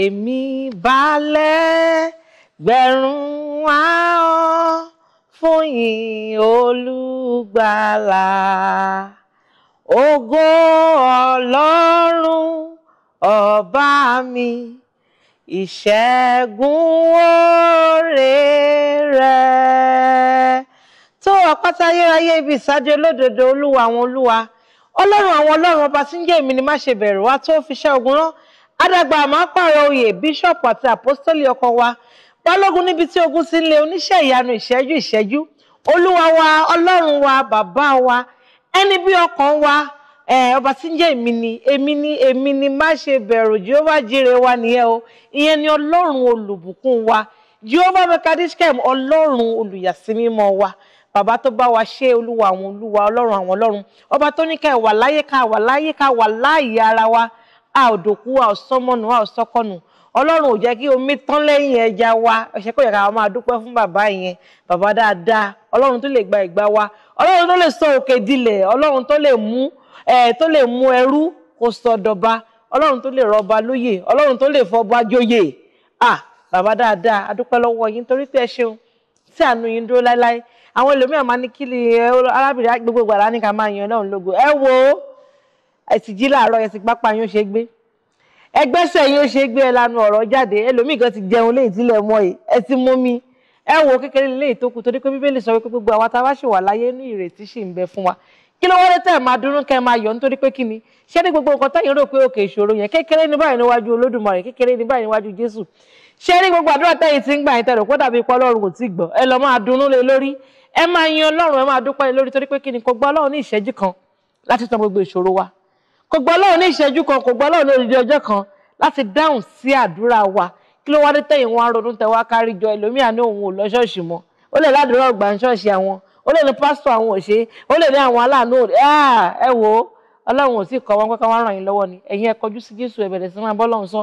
èmi balẹ̀ gbẹ̀rún ahọ́n fún yìn olùgbàlà ògo ọlọ́run ọba mi ìṣẹ́gun oore rẹ̀ tó ọ̀pátá ayérayé ibi ìsájú olódodo olúwa àwọn olúwa ọlọ́run àwọn ọlọ́run ọba tí ń jẹ́ èmi ni má ṣe bẹ̀rù wá tó fi ṣẹ́ ogun rán àdàgbà àmọ́ pààrọ̀ oyè bíṣọ̀pù àti àpọ́sítọ́lì ọkọ wa balógun níbi tí ogun ti ń lé oníṣẹ́ ìyanu ìṣẹ́jú ìṣẹ́jú olúwa wa ọlọ́run wa bàbá wa ẹni bí ọkàn wa ọba tí ń jẹ́ èmi ni èmi ni èmi ni má ṣe bẹ̀rù jehova jire wa nìyẹn o ìyẹn ni ọlọ́run olùbùkún wa jehova mekadiskem ọlọ́run olùyàsímímọ́ wa bàbá tó bá wa ṣe olúwa àwọn olúwa ọlọ́run àwọn ọlọ́run ọba tó ní ká wà láyé ká wà láyé ká wà láàyè ara wa a ò dòkú a ò sọmọnù a ò sọkọnù ọlọ́run ò jẹ́ kí omi tán lẹ́yìn ẹja wa ẹ̀ṣẹ̀ kò yẹ ká máa dúpẹ́ fún bàbá yẹn bàbá dáadáa ọlọ́run tó lè gba ìgbà wa ọlọ́run tó lè sọ òkè dilẹ̀ ọlọ́run tó lè mú ẹ̀ tó lè mú ẹrú kó sọ dọba ọlọ́run tó lè rọba lóyè ọlọ́run tó lè fọba jóyè à bàbá dáadáa a dúpẹ́ yín torí pé ṣeun tí àánú yín dúró láéláé àwọn ẹlòmíràn máa ní kí ni arábìnrin gbogbo gbàrà ní ká máa yan ọlọ́run lógo ẹ wo ẹ sì jí láàárọ̀ ẹ sì pápá yín ṣe gbé ẹgbẹ́sẹ̀ yín ó ṣe gbé ẹ lanu ọ̀rọ̀ jáde ẹlòmíì kan ti jẹun léyìí tílẹ̀ mọ́ ẹ ẹ ti mú mi ẹ wo kékeré léyìí tó kù torí pé bíbélì sọ wípé gbogbo àwa tá a bá ṣì wà láyé ní ìrètí ṣì ń bẹ fún wa kí ló wọlé tẹ̀ máa dúró kẹ́ máa yọ̀ nítorí pé kí ni ṣé ní gbogbo nǹkan tẹ̀yìn rò pé òkè ìṣòro yẹn kékeré ní báyìí níwájú olódùmarè kékeré ní báyìí níwájú jésù ṣé ní gbogbo àdúrà tẹ̀yìn tí ń gbà yín tẹ̀rọ kó dàbí ipò ọlọ́run kò tí gbọ́ ẹ lọ máa dunnú lé lórí ẹ máa yin ọlọ́run ẹ máa dúpẹ́ lórí torí pé kí ni kò gbọ́ ọlọ́run ní ìṣẹ́jú kan láti tán gbogbo ìṣòro wa kò gbọ́ Ọlọ́run ní ìṣẹ́jú kan kò gbọ́ Ọlọ́run ní odidi ọjọ́ kan láti dáhùn sí àdúrà wa kí ló wá dé tẹ̀yìn wọn aronú tẹ̀wá kárí jọ ẹlòmíà ní òun ò lọ ṣọ́ọ̀ṣì mọ́ ó lè ládùúrà ọgbà ń ṣọ́ọ̀ṣì àwọn ó lè ní pásítọ̀ àwọn òṣè ó lè ní àwọn aláàánú ẹ wò ó Ọlọ́run ò sì kọ́ wọn pé ká ràn yín lọ́wọ́ ni ẹ̀yin ẹ kọjú sí Jésù ẹ sí máa bọ́ sọ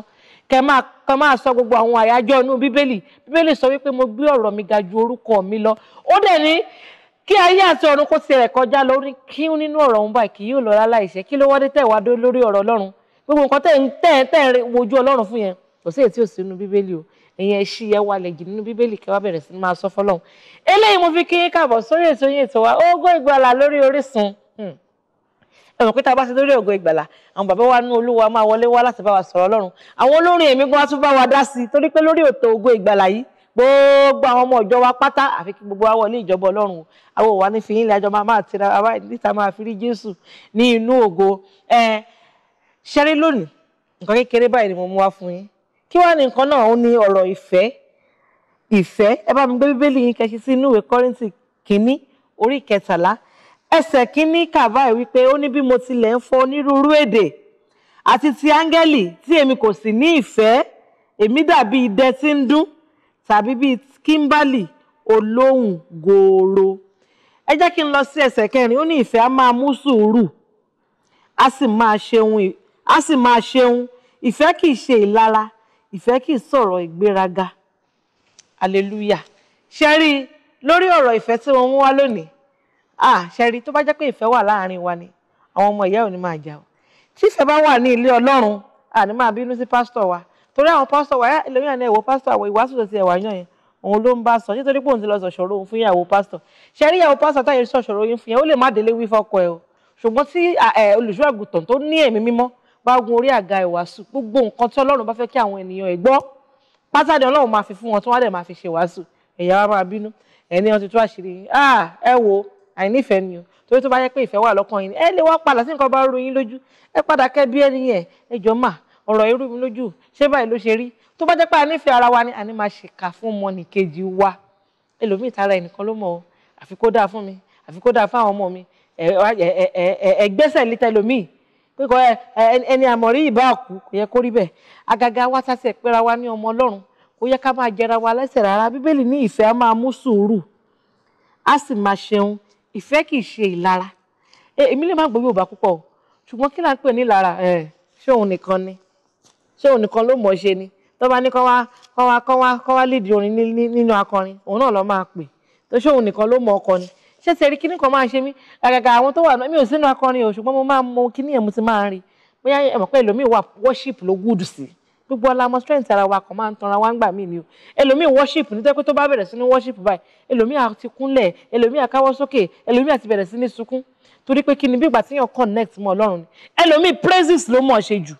kẹ máa kẹ máa sọ gbogbo àwọn àyájọ́ inú bíbélì bíbélì sọ wípé mo gbé ọ̀rọ̀ mi ga ju orúkọ mi lọ ó dẹ̀ ní kí ayé àti ọ̀run kó tirẹ̀ kọjá lórí kí nínú ọ̀rọ̀ òun báyìí kì yóò lọ láláìṣẹ́ kí ló wọ́n dé tẹ̀ wá dó lórí ọ̀rọ̀ ọlọ́run gbogbo nǹkan tẹ̀ ń tẹ̀ ń tẹ̀ ń wojú ọlọ́run fún yẹn kò sí èyí tí ò sí nínú bíbélì o èyàn ẹṣí yẹn wà lẹ́gì nínú bíbélì kí wàá bẹ̀rẹ̀ sí ní máa sọ fọlọ́run eléyìí mo fi kí yín káàbọ̀ sórí ètò yín ètò wa Ògo Ìgbàlà lórí Orísun hmm. ẹ mọ̀ pé tá a bá ti lórí Ògo Ìgbàlà àwọn bàbá wa nínú Olúwa máa wọlé wá láti bá wa sọ̀rọ̀ ọlọ́run àwọn olórin ẹ̀mí gan-an tún bá wa dá sí i torí pé lórí ètò Ògo Ìgbàlà yìí gbogbo àwọn ọmọ ìjọ wa pátá àfi kí gbogbo wa wọlé ìjọba ọlọ́run o àwọn òwà ní fìyín ìlàjọ máa máa tira ara níta máa fi rí jésù ní inú ògo ẹ ṣẹ́rí lónìí nǹkan kékeré báyìí ni mo mú wá fún yín kí wàá ní nǹkan náà ó ní ọ̀rọ̀ ìfẹ́ ìfẹ́ ẹ bá mi gbé bíbélì yín kẹ́sí sí inú ìwé kọ́rìntì kínní orí kẹtàlá ẹsẹ̀ kínní kàbá ẹ̀ wípé ó ní bí mo tilẹ̀ ń fọ onírúurú èdè àti ti áńgẹ́lì tí èmi kò sì ní ìfẹ́ èmi dàbí idẹ tí ń dún tàbí bíi Kimberly olóhùn gooro ẹ jẹ́ kí n lọ sí ẹsẹ̀ kẹrin ó ní ìfẹ́ á máa mú sùúrù á sì máa ṣeun ìfẹ́ kì í ṣe ìlara ìfẹ́ kì í sọ̀rọ̀ ìgbéraga hallelujah ṣẹ́rí lórí ọ̀rọ̀ ìfẹ́ tí wọ́n mú wá lónìí ah ṣẹ́rí tó bá jẹ́ pé ìfẹ́ wà láàárín wa ni àwọn ọmọ ìyá ò ní máa jà o tí ìfẹ́ bá wà ní ilé Ọlọ́run àní máa bínú sí pásítọ̀ wa torí àwọn pásítọ̀ wáyà ẹlòmíràn náà ẹ̀wọ̀ pásítọ̀ àwọn ìwàásù tó ti ẹ̀wà yàn yẹn òun ló ń bá sọ nítorí pé òun ti lọ sọ̀ṣọ̀rọ̀ òun fún ìyàwó pásítọ̀ ṣe rí ìyàwó pásítọ̀ táyé sọ̀ṣọ̀rọ̀ yín fún yẹn ó lè má délé wí fọ́kọ ẹ o ṣùgbọ́n tí olùṣọ́ àgùntàn tó ní ẹ̀mí mímọ́ bá gun orí àga ìwàásù gbogbo nǹkan tí Ọlọ́run bá fẹ́ kí àwọn ènìyàn ẹ̀ gbọ́ pátá ni Ọlọ́run máa fi fún wọn tí wọ́n dẹ̀ máa fi ṣe wàásù ẹ̀yà wa máa bínú ẹni ti tú àṣírí ah ẹ wo àìnífẹ̀ẹ́ ni o torí tó bá yẹ pé ìfẹ́ wà lọ́kàn yín ẹ lè wá padà sí nǹkan bá rú yín lójú ẹ padà kẹ́ bí ẹni yẹn ẹ jọ máa ọ̀rọ̀ irú mi lójú ṣé báyìí ló ṣe rí tó bá jẹ́ pé a nífẹ̀ẹ́ ara wa ni a ní máa ṣèkà fún ọmọnìkejì wa ẹlòmíì tara ẹnìkan ló mọ̀ ọ́ àfi kó dáa fún mi àfi kó dáa fún àwọn ọmọ mi ẹgbẹ́sẹ̀ lítà ẹlòmíì pé kò ẹni àmọ̀rí ìbá kú kò yẹ kó rí bẹ́ẹ̀ agaga wa sá sẹ̀ pẹ́ra wa ní ọmọ ọlọ́run kò yẹ ká máa jẹra wa lẹ́sẹ̀ rárá bíbélì ní ìfẹ́ á máa mú sùúrù á sì máa ṣeun ìfẹ́ kì í ṣe ìlara èmi lè má gbọ́ Yorùbá púpọ̀ ṣùgbọ́n kí là ń pè ní ìlara ṣé òun nìkan ni ṣé òun nìkan ló mọ̀ ṣe ni tó bá ní kọ́ wá kọ́ wá kọ́ wá kọ́ wá lídìí orin nínú akọrin òun náà ló máa pè tó ṣé òun nìkan ló mọ̀ ọkọ ni ṣé ṣe rí kíní kan máa ṣe mí àgàgà àwọn tó wà mi ò sínú akọrin o ṣùgbọ́n mo máa mọ kíní yẹn mo ti máa rí bóyá ẹ pé ẹlòmíì wà worship ló gùdù sí gbogbo ọlá ọmọ strength ara wa kan máa ń tanra wa ń gbà mí ni o ẹlòmíì worship nítorí pé tó bá bẹ̀rẹ̀ sí ní worship báyìí ẹlòmíì àti kúnlẹ̀ ẹlòmíì àkáwọ́ sókè ẹlòmíì àti bẹ̀rẹ̀ sí ní sunkún torí pé kíni bí ìgbà tíyàn connect mọ́ Ọlọ́run ni ẹlòmíì praises ló mọ̀ ṣe jù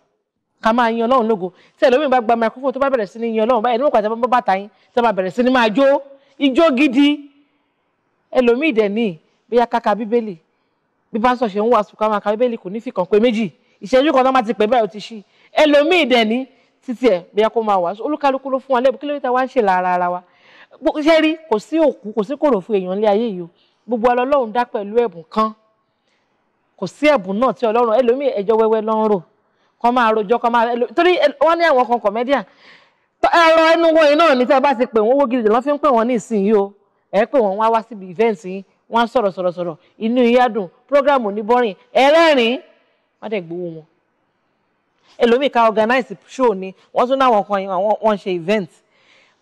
ká máa yin ọlọ́run lógo tí ẹlòmíín bá gba microphone tó bá bẹ̀rẹ̀ sí ní yin ọlọ́run báyìí ẹni mọ̀ pàtàkì bá bàtà yín tó bá bẹ̀rẹ̀ sí ní máa jó ijó gidi ẹlòmíín dẹ̀ ní bóyá káka bíbélì bí pásítọ̀ ṣe ń wàásù ká máa ka bíbélì kò ní fi kàn pé méjì ìṣẹ́jú kan náà má ti pè bẹ́ẹ̀ ó ti ṣí ẹlòmíín dẹ̀ títí ẹ̀ bóyá kó máa wàásù olúkálukú ló fún wa lẹ́bùn kí ló ta wá ń ṣe lára ara wa ṣé rí kò sí òkú kò sí kọ́ máa rojọ́ kọ́ máa torí wọ́n ní àwọn kan comedian ẹ̀rọ ẹnu wọn yìí náà ní tẹ́ bá ti pè wọ́n owó gidi lọ́n fi ń pè wọ́n ní ìsinyìí o ẹ̀ pè wọ́n wá wá síbi event yìí wọ́n á sọ̀rọ̀ sọ̀rọ̀ sọ̀rọ̀ inú yín á dùn program oníbọ́rìn ẹlẹ́rìn wọ́n dẹ̀ gbowó wọn. ẹlòmíì ká organize show ni wọ́n tún náà wọn kan yìí wọ́n ṣe event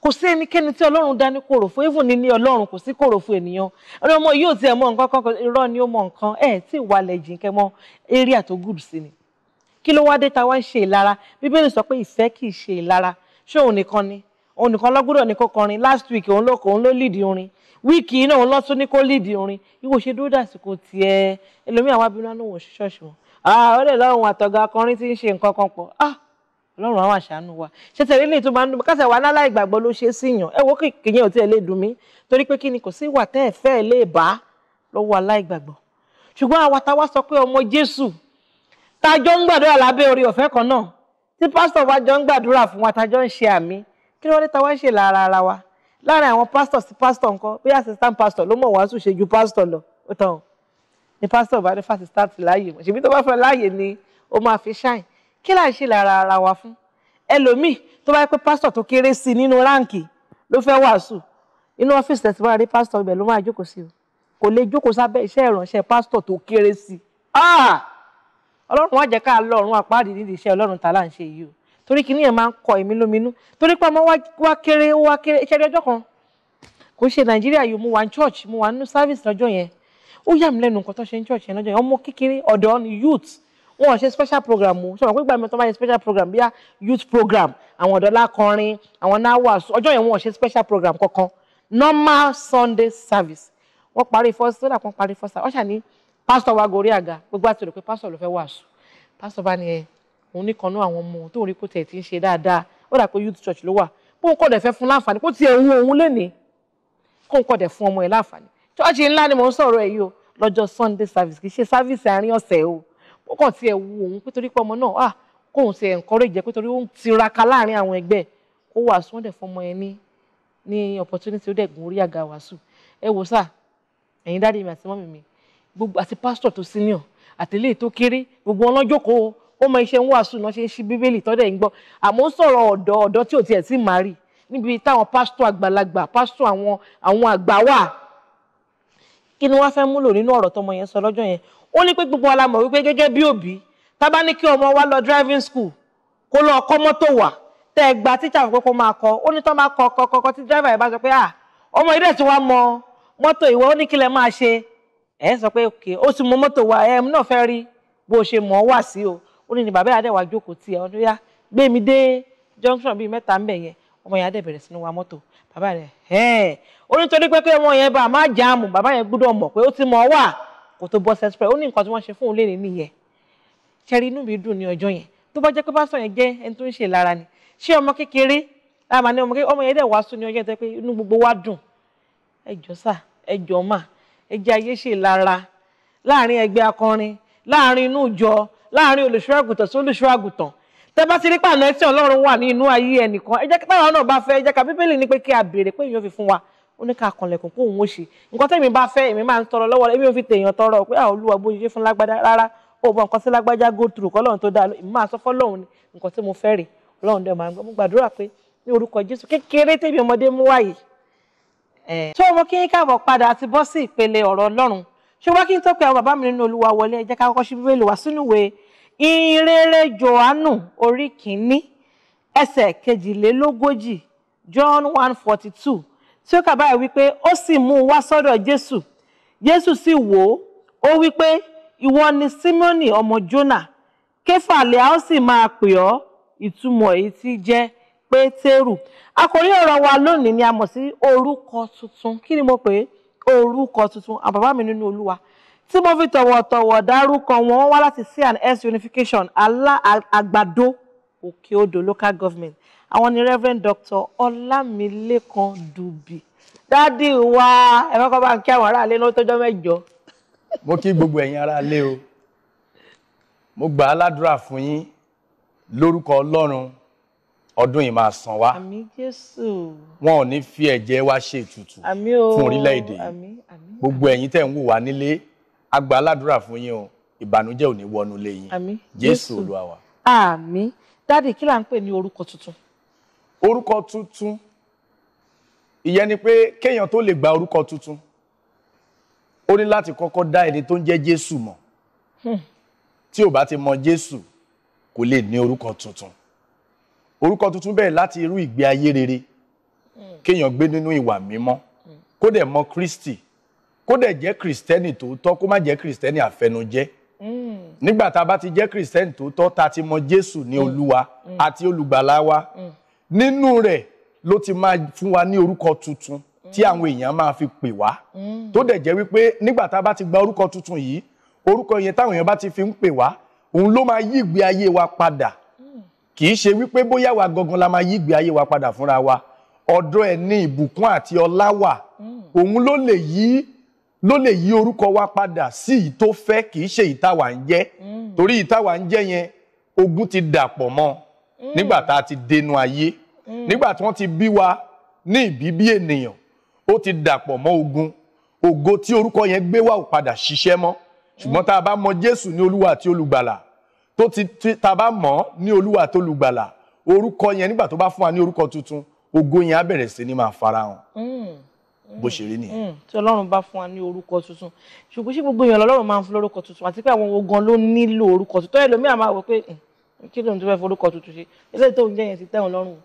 kò sí ẹnikẹ́ni tí ọlọ́run dání kòrò fún even níní ọlọ́run kò sí kòrò fún ènìyàn ọlọ́mọ yóò tiẹ̀ mọ nǹkan kan irọ́ ni ó mọ nǹkan ẹ̀ tí ìwà lẹ̀ kẹ́ mọ́ area tó good sí ni kí ló wá dé ta wá ń ṣe ìlara bíbélì sọ pé ìfẹ́ kì í ṣe ìlara ṣé òun nìkan ni òun nìkan lọ́gbọ́dọ̀ ní kó kọrin last week òun ló kọ òun ló lead orin wíìkì iná òun lọ́tún ní kó lead orin ìwọ ṣe dúró dàsìkò tiẹ̀ ẹlòmíì àwọn abínú àná wọ̀ ṣọ́ọ̀ṣì wọn ó lè lọ́rùn àtọ̀gá akọrin tí ń ṣe nǹkan kan pọ̀ ọlọ́run àwọn àṣàánú wa ṣe tẹ̀lé lè tó máa ń dùn kásẹ̀ wà lálá ìgbàgbọ́ ló ṣe síyàn ẹ wo kìkì ò tiẹ̀ lè dùn mí torí pé kí ni kò sí ìwà tẹ́ ẹ̀ fẹ́ lè bá lọ́wọ́ aláìgbàgbọ́ ṣùgbọ́n àwa táwa sọ pé ọmọ Jésù tájọ́ ń gbàdúrà lábẹ́ orí ọ̀fẹ́ kan náà tí pásítọ̀ wa jọ ń gbàdúrà fún wa tájọ́ ń ṣe àmì kí wọ́n dé táwa ń ṣe lára ara wa láàrin àwọn pásítọ̀ sí pásítọ̀ nǹkan bí assistant pásítọ̀ ló mọ̀ wàásù ṣe ju pásítọ̀ lọ ó tán o ní pásítọ̀ bá ní fásitát láàyè mọ̀ ṣèbí tó bá fẹ́ láàyè ni ó máa fi ṣáìn kí là ń ṣe lára ara wa fún ẹlòmíì tó bá yẹ pé pásítọ̀ tó kéré sí nínú ráǹkì ló fẹ́ wàásù inú ọ́fíìsì tẹ̀sí máa rí pásítọ̀ ibẹ̀ ló máa jókòó sí o kò lè jókòó sábẹ́ iṣẹ́ ìránṣẹ́ pásítọ̀ tó kéré sí i ah! ọlọ́run á jẹ́ ká lọ́run àpáàdì nídìí iṣẹ́ ọlọ́run tá là ń ṣe yìí o torí kí ni ẹ̀ máa ń kọ èmi lóminú torí pé ọmọ wa kéré wa kéré ìṣẹ́rí ọjọ́ kan kò ṣe nàìjíríà yìí mo wà ní church mo wà nínú service lọ́jọ́ yẹn ó yà mí lẹ́nu nǹkan tó ṣe ní church yẹn lọ́jọ́ yẹn ọmọ kékeré ọ̀dọ́ ni youth wọn ò ṣe special program o ṣọwọ́n pé gbàgbọ́ tó special program bíi youth program àwọn ọ̀dọ́ lákọrin àwọn náà wà ọjọ́ yẹn wọn ò ṣe special program kankan normal Sunday service wọ́n parí first sódà kan parí first wọ́n ṣàní pásítọ̀ wa gorí àga gbogbo àti rò pé pásítọ̀ ló fẹ́ wàásù pásítọ̀ bá ní ẹ òun ní kan náà àwọn ọmọ tó rí kó tẹ̀ tí ń ṣe dáadáa ó dà pé youth church ló wà bóun kò dẹ̀ fẹ́ fún láǹfààní kó tiẹ̀ wu òun lénìí kóun kò dẹ̀ fún ọmọ ẹ̀ láǹfààní church ńlá ni mò ń sọ̀rọ̀ ẹ̀ yìí o lọ́jọ́ sunday service kì í ṣe service àárín ọ̀sẹ̀ o ó kàn tiẹ̀ wu òun pé torí pé ọmọ náà ah kóun ṣe encourage jẹ́ pé torí ó ń tiraka láàárín àwọn ẹgbẹ́ kó wàásù wọn dẹ̀ fún ọmọ ẹ̀ ní ní opportunity ó dẹ̀ gun orí àga wàásù ẹ wò sà ẹ̀yin dáàdi mi àti mọ́mì mi gbogbo àti pásítọ̀ tó senior àtẹlẹ́ tó kéré gbogbo ọlọ́jọ́kọ̀ ó mọ iṣẹ́ ń wàásù náà ṣe ń ṣí bíbélì tọ́dẹ̀ ń gbọ́ àmọ́ ń sọ̀rọ̀ ọ̀dọ́ ọ̀dọ́ tí ò tiẹ̀ sí mari níbi táwọn pásítọ̀ àgbàlagbà pásítọ̀ àwọn àwọn àgbà wà kí ni wọ́n fẹ́ múlò nínú ọ̀rọ̀ tọmọ yẹn sọ lọ́jọ́ yẹn ó ní pé gbogbo alamọ̀ wípé gẹ́gẹ́ bí òbí tá bá ní kí ọmọ wa lọ driving school kó lọ ọkọ́ mọ́tò wà tẹ́ ẹ gba tíṣà fún pé kó máa kọ ó ní tán máa kọ kọkọ tí driver yẹn bá sọ pé ah ọmọ ilé tí wàá mọ mọ́tò ìwọ ó ní kí lẹ máa ṣe ẹ̀ ń sọ pé òkè ó sì mọ mọ́tò wa ẹ̀ náà fẹ́ rí bó ṣe mọ̀ ọ́ wà sí o ó ní ní bàbá yàrá wà jókòó tiẹ̀ ọdún yá gbé mi dé junction bíi mẹ́ta ń bẹ̀ yẹn ọmọ yàrá dẹ̀ bẹ̀rẹ̀ sí ní wa mọ́tò bàbá rẹ̀ ẹ̀ẹ́n ó ní torí pé pé ọmọ yẹn bá a má jáàmù bàbá yẹn gbọ́dọ̀ mọ̀ pé ó ti mọ̀ ọ́ wà kò tó bọ́ sẹ́sìpẹ́ ó ní nǹkan tí wọ́n ṣe fún òun lè ní nìyẹn ṣẹ́rí inú mi dùn ní ọjọ́ yẹn tó bá jẹ́ pé pásítọ̀ yẹn jẹ́ ẹni tó ń ṣe ìlara ni ṣé ọmọ kékeré láàmà ní ọmọ kékeré ọmọ yẹn dẹ̀ wá sún ní ọjọ́ yẹn tó pé inú gbogbo wa dùn ẹjẹ́ ayé ṣe lára láàrin ẹgbẹ́ akọrin láàrin inú ìjọ láàrin olùṣọ́ àgùntàn sí olùṣọ́ àgùntàn tẹ bá ti rí pàánù ẹtí Ọlọ́run wà ní inú ayé ẹnìkan ẹ jẹ́ kí táwọn náà bá fẹ́ ẹ jẹ́ ká bíbélì ní pé kí a béèrè pé èèyàn fi fún wa ó ní ká kanlẹ̀kùn kó òun ó ṣe nǹkan tẹ̀mí bá fẹ́ èmi máa ń tọrọ lọ́wọ́ èmi ò fi tèèyàn tọrọ pé àwọn bó ṣe fún lágbájá rárá ó bọ nǹkan sí lágbájá go through kọ́lọ́run tó dáa èmi máa sọ fọ́lọ́run nǹkan tí mo fẹ́ rè Ọlọ́run dẹ̀ máa ń gbàdúrà pé ní orúkọ Jésù kékeré tèmi ọmọdé mú wáyìí tó eh, ọmọ kí yín káàbọ̀ padà àti bọ́ sí ìpele ọ̀rọ̀ ọlọ́run ṣùgbọ́n kí n tó pe àwọn bàbá mi nínú olúwa wọlé ẹ jẹ́ ká kọ́kọ́ ṣí bíbélì wá sínú ìwé ìrere johannu orí kìíní ẹsẹ̀ kejìlélógójì john one forty two tí ó kà báyìí wípé ó sì mú un wá sọ́dọ̀ jésù jésù sì wò ó ó wípé ìwọ ni simoni ọmọ jona kéfà lè a ó sì máa pè ọ́ ìtumọ̀ èyí tí jẹ́ pétérù àkòrí ọ̀rọ̀ wa lónìí ni a mọ̀ sí orúkọ tuntun kí ni mo pè é orúkọ tuntun àbàbá mi nínú olúwa tí mo fi tọ̀wọ̀tọ̀wọ̀ dárúkọ wọn wọ́n wá láti C&S Unification alá àgbàdo òkè odò local government àwọn ni Reverend Dr. Ọlámilékan Dùbí dádì wa ẹ mọ́kàn bá ń kí àwọn aráalé ló tọ́jọ́ mẹ́jọ. mo kí gbogbo ẹ̀yin aráalé o mo gbà á ládùúrà fún yín lórúkọ Ọlọ́run ọdún yìí máa san wá. àmín jésù. wọn ò ní fi ẹ̀jẹ̀ wa ṣe ètùtù. àmín o fún orílẹ̀-èdè yìí. gbogbo ẹ̀yin tẹ̀ ń wò wá nílé a gba aládùúrà fún yín o ìbànújẹ́ ò ní wọnú ilé yín. àmín jésù olúwa wa. àmín dáàdì kí là ń pè ní orúkọ tuntun. orúkọ tuntun ìyẹn ni pé kéèyàn tó lè gba orúkọ tuntun ó ní láti kọ́kọ́ dá ẹni tó ń jẹ́ jésù mọ̀ hmm. tí ò bá ti mọ jésù kò lè ní orúkọ tuntun orúkọ tuntun bẹ̀rẹ̀ láti irú ìgbé ayé rere hmm. kéèyàn gbé nínú ìwà mímọ́ hmm. kó dẹ̀ mọ Kristi kó dẹ̀ jẹ́ Kristẹni tòótọ́ kó má jẹ́ Kristẹni àfẹnujẹ́ hmm. nígbà tá a bá ti jẹ́ Kristẹni tòótọ́ ta ti mọ Jésù ní Olúwa àti olùgbàlà wa nínú rẹ̀ ló ti máa fún wa ní orúkọ tuntun tí àwọn èèyàn máa fi pè wá tó dẹ̀ jẹ́ wípé nígbà tá a bá ti gba orúkọ tuntun yìí orúkọ yẹn táwọn èèyàn bá ti fi ń pè wá òun ló máa yí ìgbé ayé wa padà kì í ṣe wípé bóyá wa gangan la máa yí ìgbé ayé wa padà fúnra wa ọ̀dọ̀ ẹ̀ ní ìbùkún àti ọlá wà hmm. òun ló lè yí ló lè yí orúkọ wa padà sí ìyí tó fẹ́ kì í ṣe ìtawà ń jẹ́ hmm. torí ìtawà ń jẹ́ yẹn ogun ti dàpọ̀ mọ́ hmm. nígbà tá a ti dẹnu ayé nígbà tí wọ́n ti bí wa ní ìbíbí ènìyàn ó ti dàpọ̀ mọ́ ogun ògo tí orúkọ yẹn gbé wá ò padà ṣiṣẹ́ mọ́ ṣùgbọ́n tá a bá mọ Jésù ní Olúwa àti Olùgbàlà tó ti ta bá mọ̀ ní olúwa tó lùgbàlà orúkọ yẹn nígbà tó bá fún wa ní orúkọ tuntun ògo yẹn á bẹ̀rẹ̀ sí ní máa farahàn mm. bó ṣe rí nìyẹn. Mm. tí ọlọ́run bá fún wa ní orúkọ tuntun ṣùgbọ́n ṣé gbogbo èèyàn lọ́lọ́run máa ń fún lórúkọ tuntun àti pé àwọn owó gan ló nílò orúkọ tuntun tó yẹ lómi àmà wò pé hmm, kí lóun tó fẹ́ forúkọ tuntun ṣe eléyìí tó ń jẹ́ yẹn ti tẹ́wọn lọ́rùn.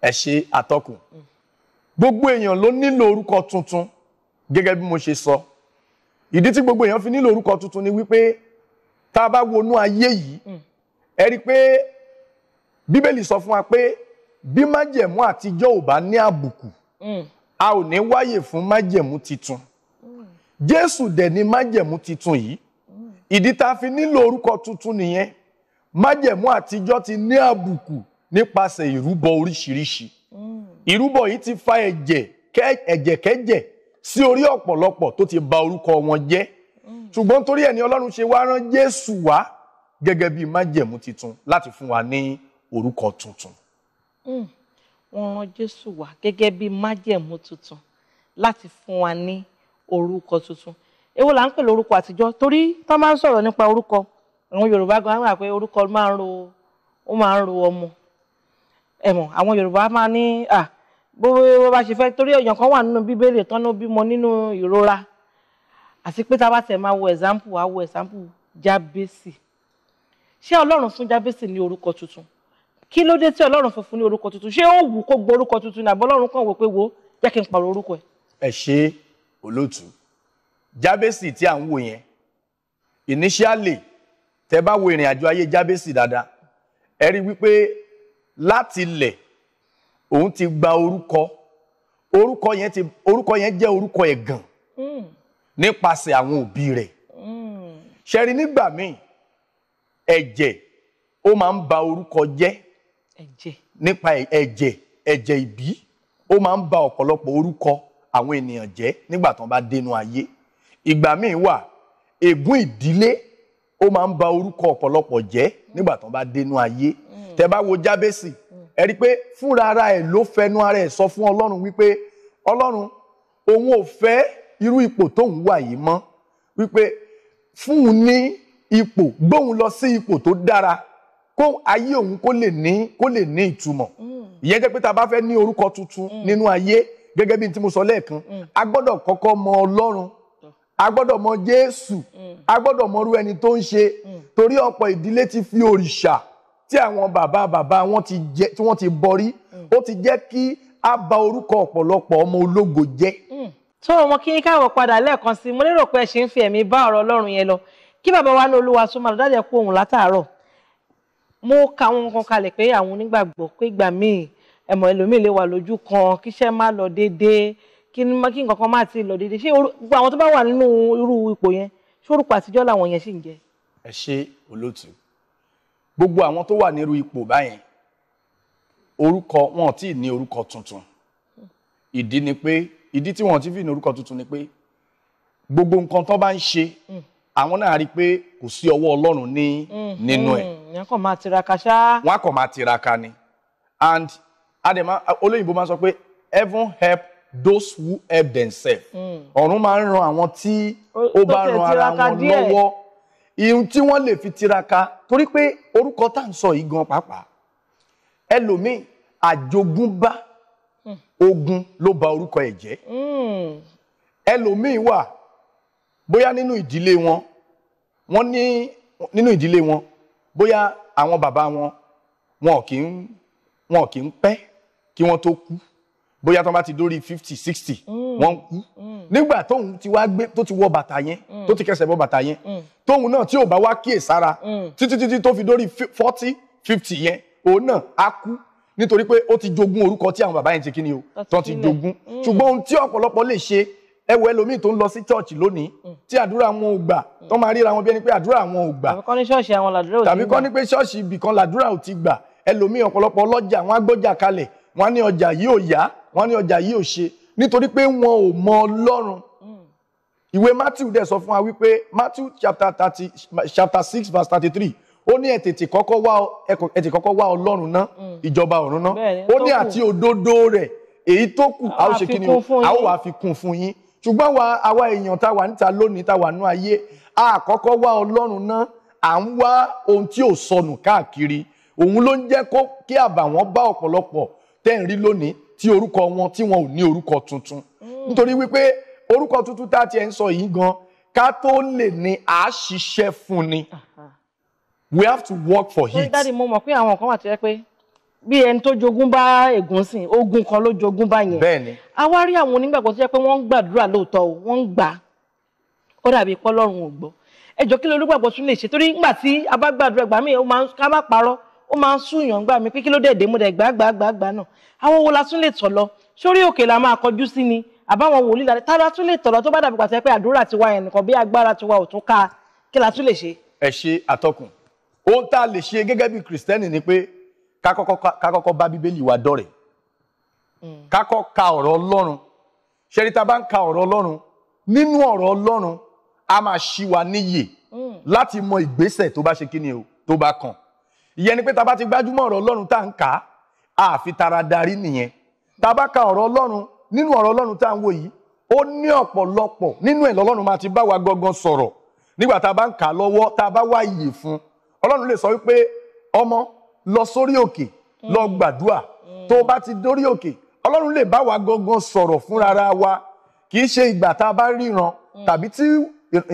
ẹ ṣe àtọkùn gbogbo èèyàn ló nílò orúkọ tuntun gẹ́gẹ́ bí mo ṣe sọ ìdí tí gbogbo èèyàn fi nílò orúkọ tuntun ni wípé tá a bá wọnú ayé yìí mm. ẹ pe i pé bíbélì sọ fún wa pé bí májẹ̀mú àtijọ́ ò bá ní àbùkù mm. a ò ní wáyè fún májẹ̀mú titun mm. jésù dẹ̀ ni májẹ̀mú titun yìí ìdí tá a fi nílò orúkọ tuntun nìyẹn májẹ̀mú àtijọ́ ti ní àbùkù nípasẹ̀ ìrúbọ oríṣiríṣi ìrúbọ yìí ti fa ẹ̀jẹ̀ ẹ̀jẹ̀kẹ́jẹ̀ sí orí ọ̀pọ̀lọpọ̀ tó ti bà orúkọ wọn jẹ́ ṣùgbọ́n torí ẹ̀ ni Ọlọ́run ṣe wá rán Jésù wá gẹ́gẹ́ bíi májẹ̀mú titun láti fún wa ní orúkọ tuntun. Hmm. wọ́n rán Jésù wá gẹ́gẹ́ bíi májẹ̀mú tuntun láti fún wa ní orúkọ tuntun èwo là ń pè lórúkọ àtijọ́ torí tá máa ń sọ̀rọ̀ nípa orúkọ àwọn Yorùbá gan wà pé orúkọ máa ń ro ó máa ń ro ọmọ ẹ mọ̀ àwọn Yorùbá máa ní bó bá ṣe fẹ́ torí èèyàn kan wà nínú Bíbélì tán ló bímọ nínú ìrora àti pé tá a bá tẹ̀ máa wo ẹ̀sáǹpù wá wo ẹ̀sáǹpù jábésì ṣé ọlọ́run fún jábésì ní orúkọ tuntun kí ló dé tí ọlọ́run fún fún ní orúkọ tuntun ṣé ó wù kó gbọ́ orúkọ tuntun nàbọ́ ọlọ́run kàn wò pé wo jẹ́ kí n pàrọ̀ orúkọ ẹ̀. ẹ ṣe olóòtú jábésì tí à ń wò yẹn initially tẹ bá wo ìrìn àjò ayé jábésì dáadáa ẹ rí wípé láti lẹ̀ òun ti gba orúkọ orúkọ yẹn ti orúkọ ẹ̀gàn. Hmm nípasẹ̀ àwọn òbí rẹ̀ mm. ṣẹ́rí nígbà míì ẹ̀jẹ̀ ó máa ń ba orúkọ jẹ́ nípa ẹ̀jẹ̀ ẹ̀jẹ̀ ìbí ó máa ń ba ọ̀pọ̀lọpọ̀ orúkọ àwọn ènìyàn jẹ́ nígbà tó bá dénú ayé ìgbà míì wà ègún ìdílé ó máa ń ba orúkọ ọ̀pọ̀lọpọ̀ jẹ́ nígbà tó bá dénú ayé mm. tẹ́ bá wo jábẹ́sì ẹ rí i pé fúnra ara ẹ̀ ló fẹnu ara ẹ̀ sọ fún ọlọ́run wípé ọlọ́run òun ò fẹ́ irú ipò tóun wà yìí mọ́ wípé fún un ní ipò gbóhun lọ sí ipò tó dára kó ayé òun kó lè ní kó lè ní ìtumọ̀ mm. ìyẹn jẹ́ pé tá a bá fẹ́ ní orúkọ tuntun mm. nínú ayé gẹ́gẹ́ bí n tí mo sọ lẹ́ẹ̀kan mm. a gbọ́dọ̀ kọ́kọ́ mọ Ọlọ́run a gbọ́dọ̀ mọ Jésù a gbọ́dọ̀ mọrú ẹni tó ń ṣe torí ọ̀pọ̀ ìdílé ti fi òrìṣà tí àwọn bàbá bàbá wọn ti jẹ tí wọ́n ti bọrí ó ti jẹ́ kí a bà orúkọ ọ̀pọ̀lọpọ̀ ọmọ ológo jẹ́ tó wọn kí n káwọ padà lẹ́ẹ̀kan sí mo lérò pé ẹ ṣe ń fi ẹ̀mí bá ọ̀rọ̀ Ọlọ́run yẹn lọ kí bàbá wa ní Olúwa tó máa dájẹ kú òun látàárọ̀ mo ka àwọn nǹkan kalẹ̀ pé àwọn onígbàgbọ́ pé ìgbà míì ẹmọ ẹlòmíì lè wà lójú kan kíṣẹ́ má lọ déédéé kí nǹkan kan má ti lọ déédéé ṣé gbogbo àwọn tó bá wà nínú irú ipò yẹn ṣé orúkọ àtijọ́ làwọn yẹn sì ń jẹ. ẹ ṣe olóòtú gbogbo àwọn tó wà nírú ipò báyẹn orúkọ wọn ò tí ì ní orúkọ tuntun ìdí ni pé ìdí tí wọ́n ti fi ní orúkọ tuntun ni pé gbogbo nǹkan tó bá ń ṣe àwọn náà rí i pé kò sí ọwọ́ Ọlọ́run ní mhm. nínú ẹ̀. wọ́n mhm. kàn máa tiraka ṣá. wọ́n kàn máa tiraka ni and adema olóyìnbó máa sọ pé heaven help those who help themselves. Mhm. ọ̀run máa ń ran àwọn tí ó bá ran ara wọn lọ́wọ́ ihun tí wọ́n lè fi tiraka torí pé orúkọ tá à ń sọ yìí gan pàápàá ẹlòmíì àjogúnbá ogun ló ba orúkọ ẹ̀ jẹ́ ẹlòmíín wà bóyá nínú ìdílé wọn wọn ní nínú ìdílé wọn bóyá àwọn bàbá wọn wọn kì í wọn kì í pẹ́ kí wọ́n tó kú bóyá tó bá ti dórí fifty sixty wọ́n kú nígbà tóun ti wá gbé tó ti wọ bàtà yẹn tó ti kẹsẹ̀ bọ bàtà yẹn tóun náà tí ò bá wá kíyèsára títí títí tó fi dórí forty fifty yẹn òun náà á kú nítorí pé ó ti jogún orúkọ tí àwọn bàbá yẹn ti kíni o tó ti jogún mm. ṣùgbọ́n ohun tí ọ̀pọ̀lọpọ̀ lè ṣe ẹwọ ẹlòmíì tó ń lọ sí chọ́ọ̀chì lónìí mm. tí àdúrà wọn ò gbà mm. tó máa ríra wọn bí ẹni pé àdúrà wọn ò gbà tàbí kọ́ ní ṣọ́ọ̀ṣì àwọn làdúrà ò ti gbà tàbí kọ́ ní pé ṣọ́ọ̀ṣì ibìkan làdúrà ò ti gbà ẹlòmíì ọ̀pọ̀lọpọ̀ ọlọ́jà wọn á gbọ́jà kalẹ̀ wọn ní ọjà yìí ò yá wọn ní ọjà yìí ò ṣe nítorí pé wọn ò mọ Ọlọ́run ìwé Matthew dẹ̀ sọ fún wa wípé Matthew chapter chapter six verse thirty three ó ní ẹ tètè kọ́kọ́ wá ẹ tètè kọ́kọ́ wá ọlọ́run ná mm. ìjọba ọ̀run ná ó ní àti òdodo rẹ̀ èyí tó kù a ṣe kí ni o a ó wàá fi kún fún yín ṣùgbọ́n àwa èèyàn tá wà níta lónìí tá wà nú ayé a kọ́kọ́ wá ọlọ́run ná à ń wá ohun tí ò sọnù káàkiri òun ló ń jẹ́ kó kí àbàwọ́n bá ọ̀pọ̀lọpọ̀ tẹ́ ń rí lónìí tí orúkọ wọn tí wọn ò ní orúkọ tuntun mm. nítorí wípé orúkọ tuntun tá a ti ẹ̀ ń sọ yìí gan ká tó lè ní àṣìṣe ni. Uh we have to work for heat. dáàdi mo mọ̀ pé àwọn kan wà tó yẹ pé bí ẹni tó jogún bá ègún sìn ogun kan ló jogún bá yẹn. bẹ́ẹ̀ni. a wá rí àwọn onígbàgbọ́ tó yẹ pé wọ́n ń gbàdúrà lóòótọ́ o wọ́n ń gbà á ó dàbí pọ́lọ́run ò gbọ́ ẹjọ́ kí ló onígbàgbọ́ tún lè ṣe torí nígbà tí a bá gbàdúrà gbà mí ká má parọ́ ó máa ń súyàn gbà mí pé kí ló dẹ̀ dé mo dẹ̀ gbà gbà gbà gbà náà àwọn wo la tún lè tọ̀ lọ sórí òkè la máa kọjú sí ni àbáwọn wòlíì la tá a tún lè tọ̀ lọ tó bá dàbí pàtẹ́ pé àdúrà tiwa ẹ ṣe atọ́kùn ohun tá a lè ṣe gẹ́gẹ́ bí kìrìsìtẹ́nì ni pé ká kọ́kọ́ bá bíbélì wa dọ̀rẹ̀ hmm. ká kọ́ ka ọ̀rọ̀ ọlọ́run ṣẹ́rí tá a bá ń ka ọ̀rọ̀ ọlọ́run nínú ọ̀rọ̀ ọlọ́run a máa ṣí wa níyè hmm. láti mọ ìgbésẹ̀ tó bá ṣe kí ni o tó bá kàn ìyẹn ni pé tá a bá ti gbájúmọ́ ọ̀rọ̀ ọlọ́run tá à ń kà á àfi tara darí nìyẹn tá bá ka ọ̀rọ̀ ọlọ́run nínú ọ̀rọ̀ ọlọ́run tá à ń wò yìí ó ní ọ̀pọ̀lọpọ̀ nínú ẹ̀ lọ́lọ́run máa ti bá wa gangan sọ̀rọ̀ nígbà tá bá ń kà á lọ́wọ́ tá bá wá iyè fún un ọlọ́run lè sọ wípé ọmọ lọ sórí òkè lọ mm. gbàdúà mm. tó bá ti dórí òkè ọlọ́run lè bá wa gangan sọ̀rọ̀ fúnra wa kì í ṣe ìgbà tá a bá ríran mm. tàbí tí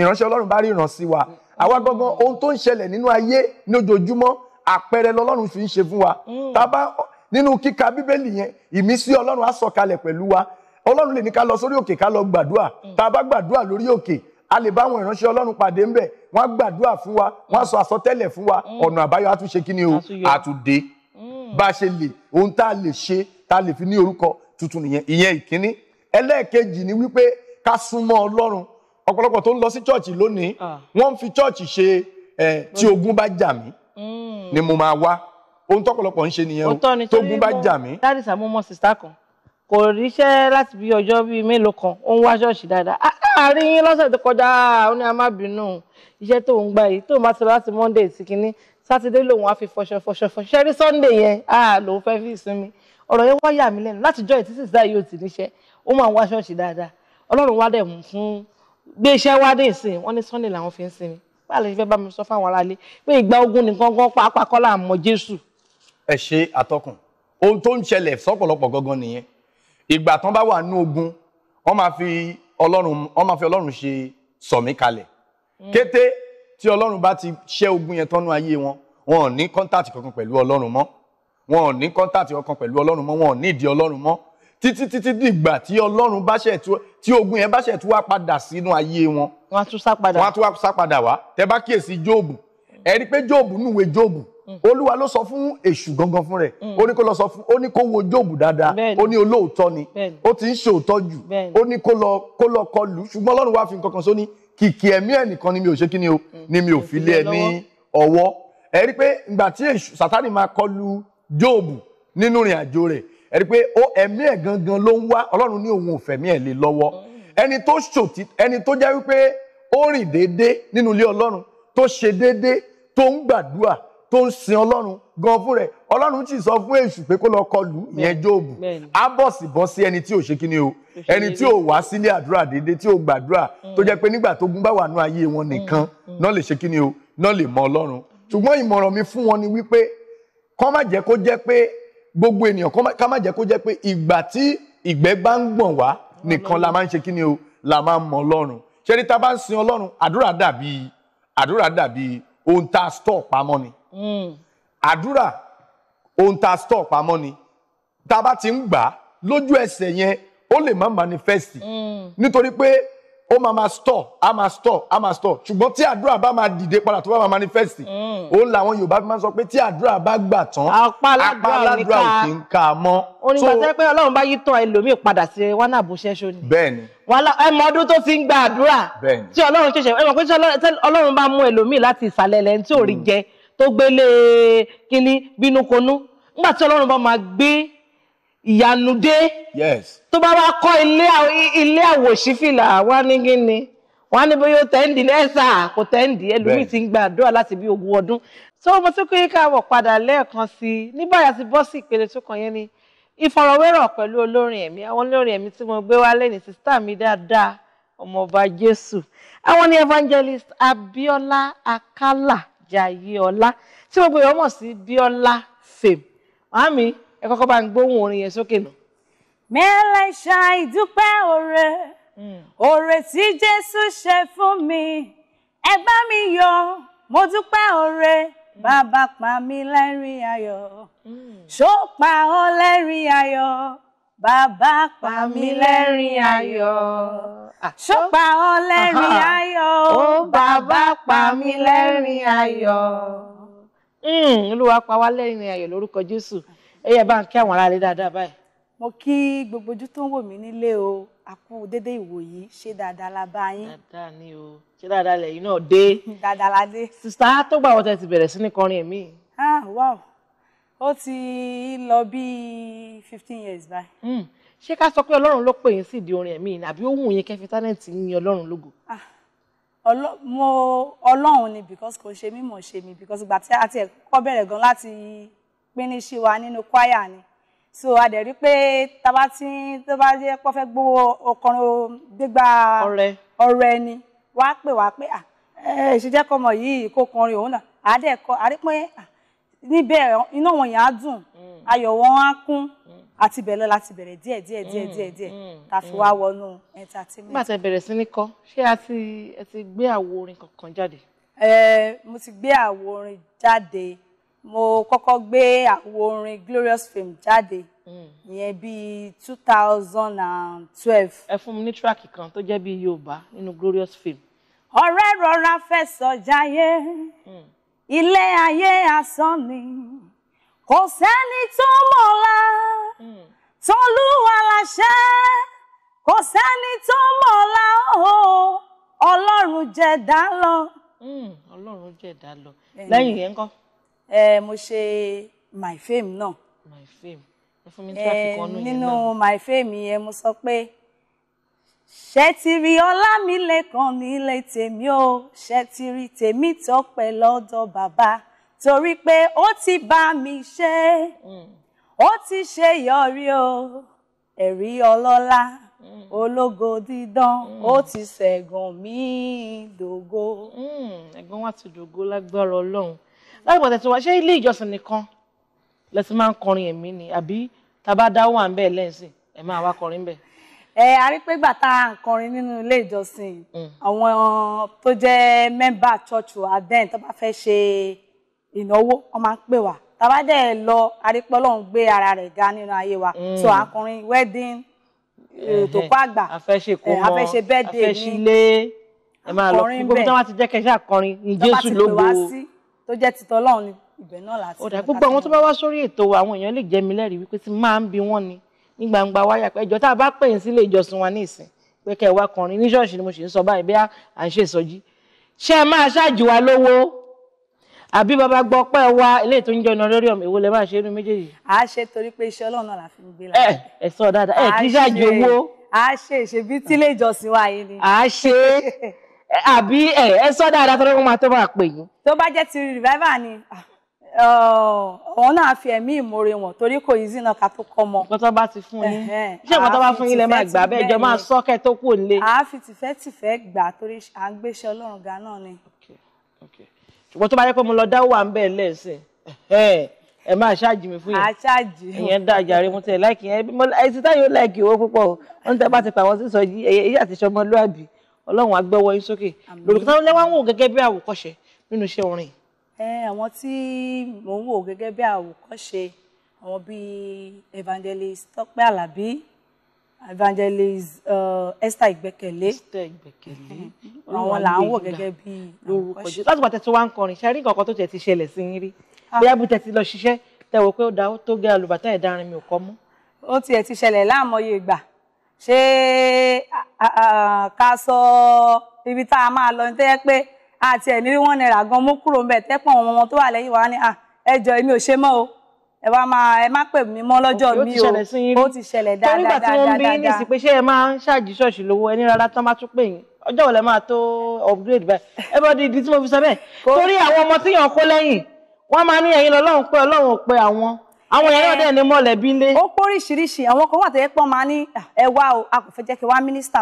ìránṣẹ́ ọlọ́run bá ríran sí wa àwa gangan ohun tó ń ṣẹlẹ̀ nínú ayé ní ojoojúmọ́ àpẹẹrẹ lọ́lọ́run fi ń ṣe fún wa tá a bá nínú kíka bíbélì yẹn ìmísí ọlọ́run á sọ̀kalẹ̀ pẹ̀lú wa ọlọ́run lè ní ká lọ sórí òkè ká lọ gbàdúà tá a bá gbàdúà lórí òkè a lè bá àwọn ìránṣẹ́ ọlọ́run pàdé ńbẹ̀ wọ́n á gbàdúrà fún wa wọ́n á sọ àsọtẹ́lẹ̀ fún wa mm. ọ̀nà àbáyọ àtúnṣe kí ni o àtúndé mm. bá a ṣe lè ohun tá a lè ṣe tá a lè fi ní orúkọ tuntun nìyẹn ìyẹn ìkíní ẹlẹ́ẹ̀kejì ni wípé ká súnmọ́ ọlọ́run ọ̀pọ̀lọpọ̀ tó ń lọ sí chọ́ọ̀chì lónìí ah. wọ́n ń fi chọ́ọ̀chì ṣe ẹ̀ tí ogun bá jà mí mm. ni mo máa wá ohun tọ́pọ̀lọpọ̀ ń ṣe nìyẹn o tógun bá jà mí. dáàdì sàmú mọ sista kan kò ríṣẹ́ láti bí ọjọ́ bíi mélòó kan ó ń wá ṣọ́ọ̀ṣì dáadáa ah, àárín yín lọ́sẹ̀ tó kọjá ó ní a má bínú iṣẹ́ tó ń gba yìí tó máa ti lọ láti monday sí kínní sátidé lòun á fi fọṣọ fọṣọ fọṣọ ṣẹ́rí sunday yẹn á lòun fẹ́ fi ìsinmi ọ̀rọ̀ yẹn wá yà mí lẹ́nu látijọ́ ẹ̀ tí sísá yìí ò tì níṣẹ́ ó máa ń wá ṣọ́ọ̀ṣì dáadáa ọlọ́run wá dẹ̀ mú fún gbé iṣẹ́ wá dé ìsìn wọ́n ní sunday làwọn fi ń sinmi báà lè fẹ́ bá mi sọ fáwọn aráalé pé ìgbà ogun nìkan gan pàápàá kọ́ là ń mọ jésù. ẹ ṣe àtọkùn ohun tó ń ṣẹlẹ̀ sọ́pọ̀lọpọ̀ gangan nìyẹn ìgbà tán bá wà nú ogun wọ́n máa fi ọlọ́run wọ́n máa fi ọlọ́run ṣe sọ̀mí kalẹ̀ mm. kété tí ọlọ́run bá ti ṣẹ́ ogun yẹn tọ́nú ayé wọn wọn ò ní kọ́ńtàtì kankan pẹ̀lú ọlọ́run mọ́ wọn ò ní kọ́ńtàtì kankan pẹ̀lú ọlọ́run mọ́ wọn ò ní ìdí ọlọ́run mọ́ títí títí dìgbà tí ọlọ́run bá ṣẹ̀ tú tí ogun yẹn bá ṣẹ̀ tú wá padà sínú ayé wọn. wọn á tún sá padà wá tẹ bá kíyèsí jóòbù ẹ rí i pé jóòbù núwe jóòbù Mm. olúwa ló sọ fún èṣù gangan fún rẹ̀ mm. ó ní kó lọ sọ fún ó ní kó wo jóòbù dáadáa ó ní olóòótọ́ ni ó ti ń ṣòótọ́ jù ó ní kó lọ kó lọ kọlù ṣùgbọ́n ọlọ́run wá fi nǹkan sóní kìkì ẹ̀mí ẹ̀ nìkan ni mi ò ṣe kí ni o mm. ni mi ò fi lé ẹ ní ọwọ́ ẹ rí i pé ìgbà tí èṣù sátánì máa kọlù jóòbù nínú ìrìn àjò rẹ̀ ẹ rí i pé ó ẹ̀mí ẹ̀ gangan ló ń wá ọlọ́run ní òun ò fẹ̀mí ẹ̀ lé ẹni tó ṣòtí tó ń gbàdúrà tó ń sin ọlọ́run gan fún rẹ̀ ọlọ́run sì sọ fún èṣù pé kó lọ kọlù ìyẹn jóòbù á bọ̀ sí bọ́ sí ẹni tí ò ṣe kí ni o ẹni tí ò wá sílé àdúrà déédéé tí ò gbàdúrà mm. tó jẹ́ pé nígbà tó gún bá wà nú ayé wọn mm, nìkan mm. náà lè ṣe kí ni o náà lè mọ ọlọ́run ṣùgbọ́n ìmọ̀ràn mi fún wọn ni wípé kọ́ má jẹ́ kó jẹ́ pé gbogbo ènìyàn ká má jẹ́ kó jẹ́ pé ìgbà tí ìgbẹ́ bá ń gbọ̀n wá nìkan la máa ń ṣe kí o la máa ń mọ ọlọ́run ṣe ni tá bá ń sin ọlọ́run àdúrà dàbí àdúrà dàbí ohun tá a stọ̀ pamọ́ ni Mm. àdúrà ohun tá store pamọ́ ni tá a bá ti ń gbà á lójú ẹsẹ̀ yẹn ó lè má manifest mm. nítorí pé ó máa ma store á máa store á máa store ṣùgbọ́n tí àdúrà bá máa dìde padà tó bá máa manifest mm. ó làwọn Yorùbá fi máa sọ pé tí àdúrà bá gbà tán apá aládùúrà ò kì í kà á mọ́. onígbà tẹ́ pé Ọlọ́run bá yí tán ẹlòmíì padà sí wọn náà bó ṣẹ́ṣọ́ ni. bẹ́ẹ̀ni wàhálà ẹmọ ọdún tó ti ń gba àdúrà tí Ọlọ́run ṣẹ̀ṣẹ̀ ẹmọ pé tí Ọlọ́run bá mú ẹlòmíì láti ìsàlẹ̀ lẹ́ni tí ò rí jẹ tó gbélé kínní bínúkonú nígbà tí ọlọ́run bá máa gbé ìyanu dé tó bá wá kọ́ ilé àwòṣífìlà wá ní kínní wọ́n á ní bóyá ó tẹ́ǹdì lẹ́sà kò tẹ́ǹdì ẹlòmíì ti ń gba àdúrà láti bí ogún ọdún tó mo tún kí káàbọ̀ padà lẹ́ẹ̀kan sí i ní báyà ti bọ́ sí ìpele tó kàn yẹn ni ìfọ̀rọ̀wérọ̀ pẹ̀lú olórin ẹ̀mí àwọn olórin ẹ̀mí tí mo gbé wálé ní sísítà mi dáadáa ọmọọba jésù àwọn ni evangelist abiola akala Àjàyíọlá tí gbogbo èèyàn mọ̀ sí Bíọ́lá fame màámi ẹ kọ́kọ́ bá ń gbóhùn orin yẹn sókè nù. mẹ́lẹ̀ ṣàì dúpẹ́ oore hmm. oore tí Jésù ṣe fún mi ẹ bá mi yọ̀ mo dúpẹ́ oore hmm. bàbá pa mí lẹ́rìn ayọ̀ hmm. ṣó pa ọ́ lẹ́rìn ayọ̀ bàbá pa mí lẹ́rìn ayọ̀ ṣó pa ọ́ lẹ́rìn ayọ̀ ó bàbá pa mí lẹ́rìn ayọ̀. Hmm, olúwa pa wá lẹ́rìn ayọ̀ lórúkọ jésù ẹ̀yẹ bá ń kí àwọn aráàlú dáadáa báyìí. mo kí gbogbo ojú tó ń wò mí nílé o a kú dédé ìwò yìí ṣé dáadáa la bá yín. dáadáa ni o ṣé dáadáa lẹ́yìn náà dé. dáadáa la dé. sista tó gbà wọ́n tẹ́ ti bẹ̀rẹ̀ sí ní kọrin ẹ̀mí. ah wow ó ti lọ bíi fifteen years báyìí. Hmm. ṣé ká sọ pé ọlọ́run ló pè yín sí ìdí orin ẹ̀mí ni àbí ó wù yín kẹfí tálẹ́ǹtì yín ọlọ́run lógo. Ah, mo ọlọ́run ni because kò ṣe mí mọ̀ ṣe mí because ìgbà tí a ti kọ́ bẹ̀rẹ̀ gan láti pínísí wa nínú kwaya ni so a dẹ̀ rí pé taba ti tó bá jẹ́ pọ́ fẹ́ gbowó ọkùnrin gbégbá ọ̀rẹ́ ni wàá pè wá pé ah, ẹ ṣe jẹ́ kọ́mọ yìí kó kọrin òun náà àádẹ́kọ́ àrípín níbẹ̀ iná wọn yẹn á dùn mm. ayọ̀ wọn á kún mm. àti bẹ̀rẹ̀ láti bẹ̀rẹ̀ díẹ̀ díẹ̀ díẹ̀ mm, díẹ̀ díẹ̀ tá a fi wá wọnú entertainment. nígbà tí ẹ bẹ̀rẹ̀ sí ní kọ ṣé a ti ẹ ti gbé àwo orin kankan jáde. ẹ mo ti gbé àwo orin jáde mo kọ́kọ́ gbé àwo orin glorious fame jáde ìyẹn bíi two thousand and twelve. ẹ fún mi ní tíráàkì kan tó jẹ́ bíi yorùbá nínú glorious fame. ọ̀rẹ́ rọra fẹ́ sọ jáyé ilé ayé asán ni kò sẹ́ni tó mọ̀la hmm. tolúwa láṣẹ kò sẹ́ni tó mọ̀la o ọlọ́run jẹ̀dá lọ. Hmm, ọlọ́run jẹ̀dá lọ lẹ́yìn yẹn kọ́. mo ṣe my fame náà. my fame ẹ fún mi ní tírafì kan nínú yẹn náà. nínú my fame yẹn mo sọ pé ṣẹ́tìrì ọlámilẹ́kan nílé tèmi o ṣẹ́tìrì tèmi tọ́pẹ́ lọ́dọ̀ bàbá torí pé ó ti bá mi ṣe hmm. ó ti ṣe yọrí o ẹ̀rí ọlọ́lá hmm. ológo dídán hmm. ó ti ṣẹ̀gàn mí dògo. ẹ̀gbọ́n wa ti dògo lágbára ọlọ́run láti pàtàkì tí wọ́n ṣe ilé ìjọsìn nìkan lẹ́sìn máa ń kọrin ẹ̀mí ni àbí tá a bá dá wà ń bẹ́ẹ̀ lẹ́sìn ẹ̀ máa wá kọrin bẹ́ẹ̀ ẹ a rí pé gbà tá à ń kọrin nínú ilé ìjọsìn mm. àwọn tó jẹ́ mẹ́mbà chọ́ọ̀chù aden tó bá fẹ́ ṣe ìnáwó wọ́n máa ń pè wá tàbá dẹ̀ lọ a rí pé Ọlọ́run gbé ara rẹ̀ ga nínú ayé wa mm. so à ń kọrin wedding ètò eh, kó àgbà afẹ́ṣekó mọ́ eh, afẹ́ṣilé ẹ máa lọ fún gbogbo tí wọ́n ti jẹ́ kẹṣẹ́ àkọrin ní Jésù lógo tó jẹ́ titọ́ Ọlọ́run ibẹ̀ náà láti. ọ̀dà gbogbo àwọn tó bá wá sórí ètò àwọn èèyàn lè jẹ́ mi lẹ́rìí wípé tí máa ń bi wọ́n ni ní gbangba wáyà pé ẹjọ́ tá a bá pè ń sílé ìjọsìn wa ní ìsìn pé kẹ́ ẹ wá kọrin ní ṣọ́ọ̀ṣì ni mo sì ń sọ báyìí bí à ń ṣe ìsọjí ṣé ẹ máa ṣáàjì wa lówó àbí bàbá gbọ́ pẹ́ wa eléyìí tó ń jẹ́ ọ̀nàdọ́rìọ̀mù èwo lè máa ṣe inú méjèèjì. a ṣe torí pé iṣẹ́ ọlọ́run náà la fi ń gbé lára. ẹ ẹ sọ dáadáa ẹ kì í ṣáàjì owó. a ṣe ìṣèbí tílé ìjọsìn wa yìí ni. a ṣe àbí ẹ ẹ sọ dáadáa tó ló máa tó máa pè yín. tó bá jẹ́ ti revival ni ah, wọn oh, náà fi ẹ̀mí ìmoore wọn torí kò yìí zina ká tó kọ́ mọ́. nǹkan tó bá ti fún yín ṣé nǹkan tó bá fún yín lẹ máa gbà bẹ́ẹ̀ jọ máa sọ́kẹ́ tó kù nílé. a fi tìfẹ́tìfẹ́ gbà torí à ń gbéṣẹ́ ọlọ́run ga náà ni. ṣùgbọ́n tó bá yẹ pé mo lọ dáwọ́ à ń bẹ̀ lẹ́sìn ẹ máa ṣáàjì mi fún yẹn àṣáàjì ìyẹn dá àjàre mo tẹ láìkì yẹn ẹsì táyọ láìkì owó púpọ̀ o wọn tẹ bá ti pa àwọn sísọ yìí ẹyẹ èyí àti ìṣọmọlúàbí Ọlọ́run á gbé ọwọ́ yín sókè lòlùkọ táwọn lẹwọn wò gẹ́gẹ́ bí àwòkọ́ṣe nínú iṣẹ́ orin àwọn tí mò ń wò gẹ́gẹ́ bí àwòkọ́ṣe àwọn bíi evangelist Tọ́pẹ́ Àlàbí evangelist Esther Ìgbẹ́kẹ̀lé Esther Ìgbẹ́kẹ̀lé àwọn là ń wò gẹ́gẹ́ bí àwòkọ́ṣe. láti pàtẹ́ tí wọ́n á ń kọrin ṣe rí nǹkan kan tó tiẹ̀ ti ṣẹlẹ̀ sí yín rí ah. bóyá bí tẹ̀ ti lọ ṣiṣẹ́ tẹ̀ wò pé ó da tó gẹ́ àlùbátà ẹ̀dárin mi ò kọ́ mú. ó tiẹ̀ ti ṣẹlẹ̀ láàmọye ìgbà ṣé ká sọ ibi tá a máa lọ ní tẹ́yẹ́ pé àti ẹ̀nírí wọn náírà gan mo kúrò ńbẹ̀ tẹ́pọ̀ àwọn ọmọ tó wà lẹ́yìn wa ni ẹ jọ èmi ò ṣe mọ́ o ẹ wá máa ẹ má pè mí mọ́ lọ́jọ́ mi o ó ti ṣẹlẹ̀ dáadáa dáadáa. torí gbà tí wọ́n ń bí ní ìsìn pé ṣé ẹ máa ń ṣáàjì ṣọ́ọ̀ṣì lówó ẹni rárá tán bá tún pè yín ọjọ́ wo máa tó upgrade báyìí ẹ bọ́ di ìdí tí mo fi sọ bẹ́ẹ̀ torí àwọn ọmọ tíyàn kó lẹ́yìn wọ́n máa ní ẹ̀yin lọ́lọ́run pé ọlọ́run ò pe àwọn àwọn èèyàn náà dẹ̀ ní mọ̀lẹ́bí lé. ó pọ̀ oríṣiríṣi àwọn kan wà tó yẹ pé wọ́n máa ní ẹ wá o a kò fẹ́ jẹ́ kí wá mínísítà.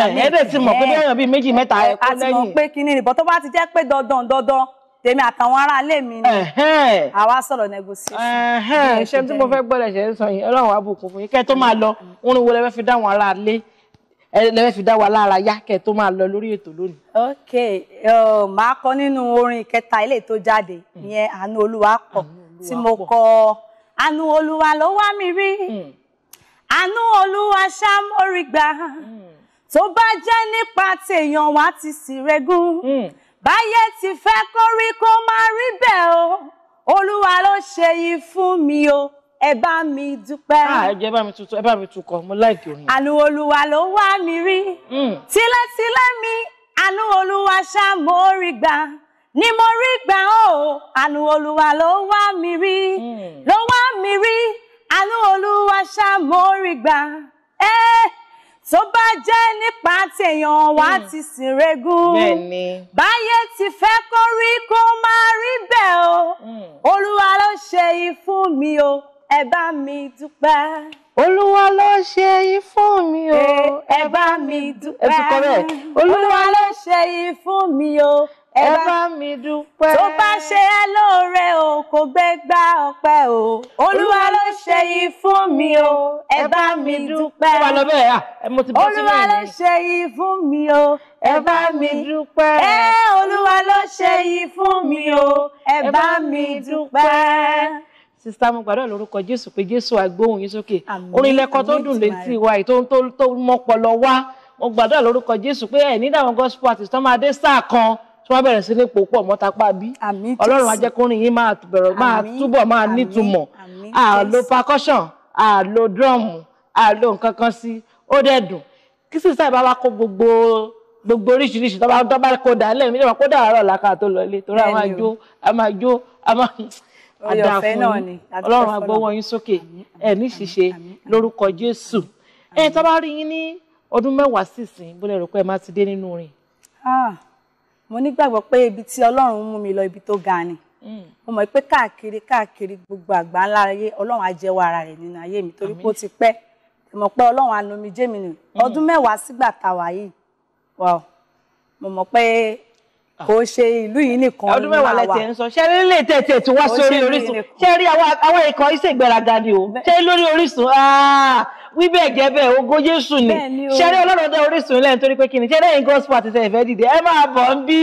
ẹ dẹ̀ ti mọ̀ pé bí èèyàn bíi méjì mẹ́ta ẹ kó lẹ́yìn. a ti mọ̀ pé kinní nìbọn tó bá ti jẹ́ pé dandan dandan tèmi àtàwọn ará ilé mi ni àwa sọ̀rọ̀ negotiation. ṣé tí mo fẹ́ gbọ́dọ̀ ṣe ń sọ yìí ọlọ́run àbùkù fún yín kẹ́ tó máa lọ mm, mm. orin wo lẹ fẹ́ fi dáwọn ará ilé lẹ́fẹ́ fi dá wa lára yá kẹ́ tó máa lọ lórí ètò lónìí. ok màá kọ nínú orin kẹta ilé tó jáde mm. ìyẹn àánú olúwa kọ tí àánú olúwa ló wá mi rí hmm. àánú olúwa ṣá mórí gbà hmm. tó bá jẹ́ nípa tèèyàn wá ti sì regún hmm. báyé ti fẹ́ kó rí kó má rí bẹ́ẹ̀ o olúwa ló ṣe yìí fún mi o ẹ bá mi dúpẹ́. Ah, ẹ bá mi tutù ẹ bá mi tukọ̀ mo láìkí òun. àánú olúwa ló wá mi rí. tílẹ̀tílẹ̀ mi àánú olúwa ṣá mo gbà ni mo rí gbà ó àánú olúwa ló wá mi rí hmm. ló wá mi rí àánú olúwa ṣá mo rí gbà ẹ eh, tó bá jẹ́ nípa tèèyàn wá ti hmm. sìn regún báyé ti fẹ́ kó rí kó má rí bẹ́ẹ̀ o hmm. olúwa ló ṣe yìí fún mi o ẹ bá mi dúpẹ́. Olúwa ló ṣe yìí fún mi o. Eh, ẹ bá mi dúpẹ́. Olúwa ló ṣe yìí fún mi o ẹ bá mi dúpẹ́. tó bá ṣe ẹ́ lóore o kò gbégbá ọpẹ́ o olúwa ló ṣe yìí fún mi o ẹ bá mi dúpẹ́. wà lọ bẹ́ẹ̀ mo ti bọ́ sí bẹ́ẹ̀ ni. olúwa ló ṣe yìí fún mi o ẹ bá mi dúpẹ́. ẹ olúwa ló ṣe yìí fún mi o ẹ bá mi dúpẹ́. sista mo gbàdúrà lórúkọ jésù pé jésù àgbóhùn yín sókè orin lẹkọ tó dùn létí wa èyí tó mọpọlọ wá mo gbàdúrà lórúkọ jésù pé ẹ nídàwọn gospel artist tó máa dé sáà kan tí wọ́n bẹ̀rẹ̀ sí ní pòpọ̀ mọ́tapá bí ọlọ́run á jẹ́ kó rìn yín máa bẹ̀rẹ̀ máa túbọ̀ máa nítumọ̀ àlò percussion àlò drum àlò nǹkan kan sí ó dẹ̀ dùn kí sísá ìbá wa kó gbogbo gbogbo oríṣiríṣi tó bá tó bá kó dà lẹ́yìn nígbà kó dàárọ̀ làkà tó lọlé torí a máa jó a máa jó a máa àdá fún yín ọlọ́run á gbọ́wọ́ yín sókè ẹ̀ ní ṣíṣe lórúkọ Jésù ẹ̀ tó bá rí yín ní ọdún mẹ́wàá sísìn bó lè rò pé ẹ má ti dé nínú orin. Ah mo nígbàgbọ́ pé ibi tí ọlọ́run mú mi lọ ibi tó ga ni mm. mo mọ̀ pé káàkiri káàkiri gbogbo àgbà ńlá ayé ọlọ́run á jẹ́wọ́ ara rẹ̀ nínú ayé mi torí pé ó ti pẹ́ mọ̀ pé ọlọ́run anomi jémi nù mm. ọdún mẹ́wàá sígbà tàwa yìí mo mọ̀ pé ah. kò ṣe ìlú yìí nìkan ọdún mẹ́wàá lẹ ti ń sọ ṣe rí lè tètè tí wá sórí Orísun ṣe rí àwọn ikọ̀ iṣẹ́ ìgbéraga ni o ṣe lórí Orísun ah wí bẹ́ẹ̀ jẹ́ bẹ́ẹ̀ ògo Jésù ni ṣẹ́rí ọlọ́run dá Orísun lẹ́yìn torí pé kí ni ṣẹ́rí ẹ̀yin gospel àti ẹ̀fẹ́ dìde ẹ máa bọ̀ ń bí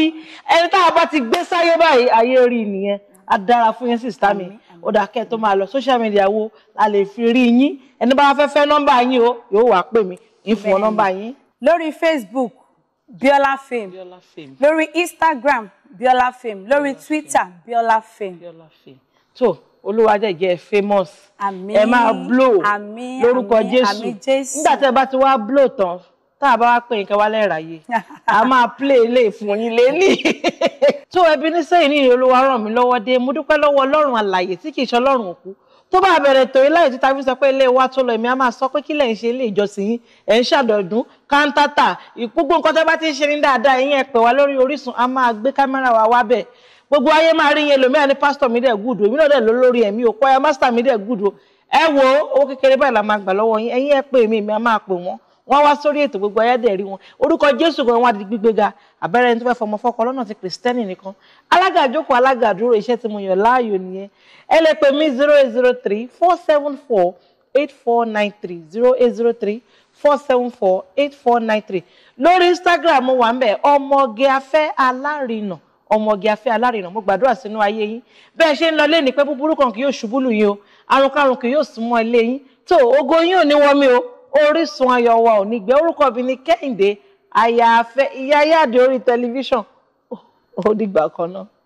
ẹni tá a bá ti gbé sáyé báyìí ayé rí nìyẹn á dára fún yín sísítà mi ó dà kẹ́ ẹ̀ tó máa lọ social media wo la lè fi rí yín ẹni bá fẹ́ fẹ́ nọ́mbà yín o yóò wá pè mí ń fún ọ nọ́mbà yín. lórí Facebook Biola Fame lórí Instagram Biola Fame lórí Twitter Biola Fame. so olúwa dẹ̀ jẹ́ famous ẹ máa blow lórúkọ jésù nígbà tí ẹ bá ti wá blow tán tá a bá wá pè nǹkan wá lẹ́ẹ̀ráyè a máa play ilé fún yín lélẹ̀ tó ẹbí ní sẹ́yìn ní olúwa ràn mí lọ́wọ́ dé mo dúpẹ́ lọ́wọ́ ọlọ́run àlàyé tí kì í ṣe ọlọ́run òkú tó bá bẹ̀rẹ̀ torí láì títa fi sọ pé ilé wa tó lọ èmi á máa sọ pé kí lẹ̀ ń ṣe ilé ìjọsìn yín ẹ̀ ń ṣàdọ̀dún kántátà ìpúgbó nǹkan tó bá ti ń ṣe ní dáadáa ìyẹn ẹ pè wá lórí Orísun a máa gbé kámẹ́rà wa wá gbogbo ayé máa rí yẹn lòmíà ní pásítọ̀ mi dẹ̀ gùdù èmi náà dẹ̀ ló lórí ẹ̀mí o choir master mi dẹ̀ gùdù ẹ wo owó kékeré báyìí la máa gbà lọ́wọ́ yín ẹ̀yin ẹ pé mi mi a máa pè wọ́n wọ́n wá sórí ètò gbogbo ayé dẹ̀ rí wọn orúkọ jésù gan wọn á di gbígbéga àbẹ́rẹ́ ẹni tó fẹ́ fọmọ fọ́kọ lọ́nà ti kìrìsìtẹ́nì nìkan alága àjókòó alága àdúró iṣẹ́ tí mo yàn láàyò nìyẹn ẹ lè pè mí zero eight zero three four seven four eight four nine three zero eight zero three four seven four eight four nine three lórí instagram mo wà ń bẹ̀ ọmọge afẹ́ alárinà ọmọge afẹ́ alárinà mo gbàdúrà sínú ayé yín bẹ́ẹ̀ ṣe ń lọ lé ní pé búburú kan kì yóò ṣubú lù yín o àrùn karùn kì yóò sún mọ́ ilé yín tó ògo yín ò ní wọ́n mi o orísun ayọ̀ wa ò ní gbẹ orúkọ mi ní Kẹ́hìndé àyàfẹ́ ìyá yáàdì orí tẹlifíṣàn ó dìgbà kan náà.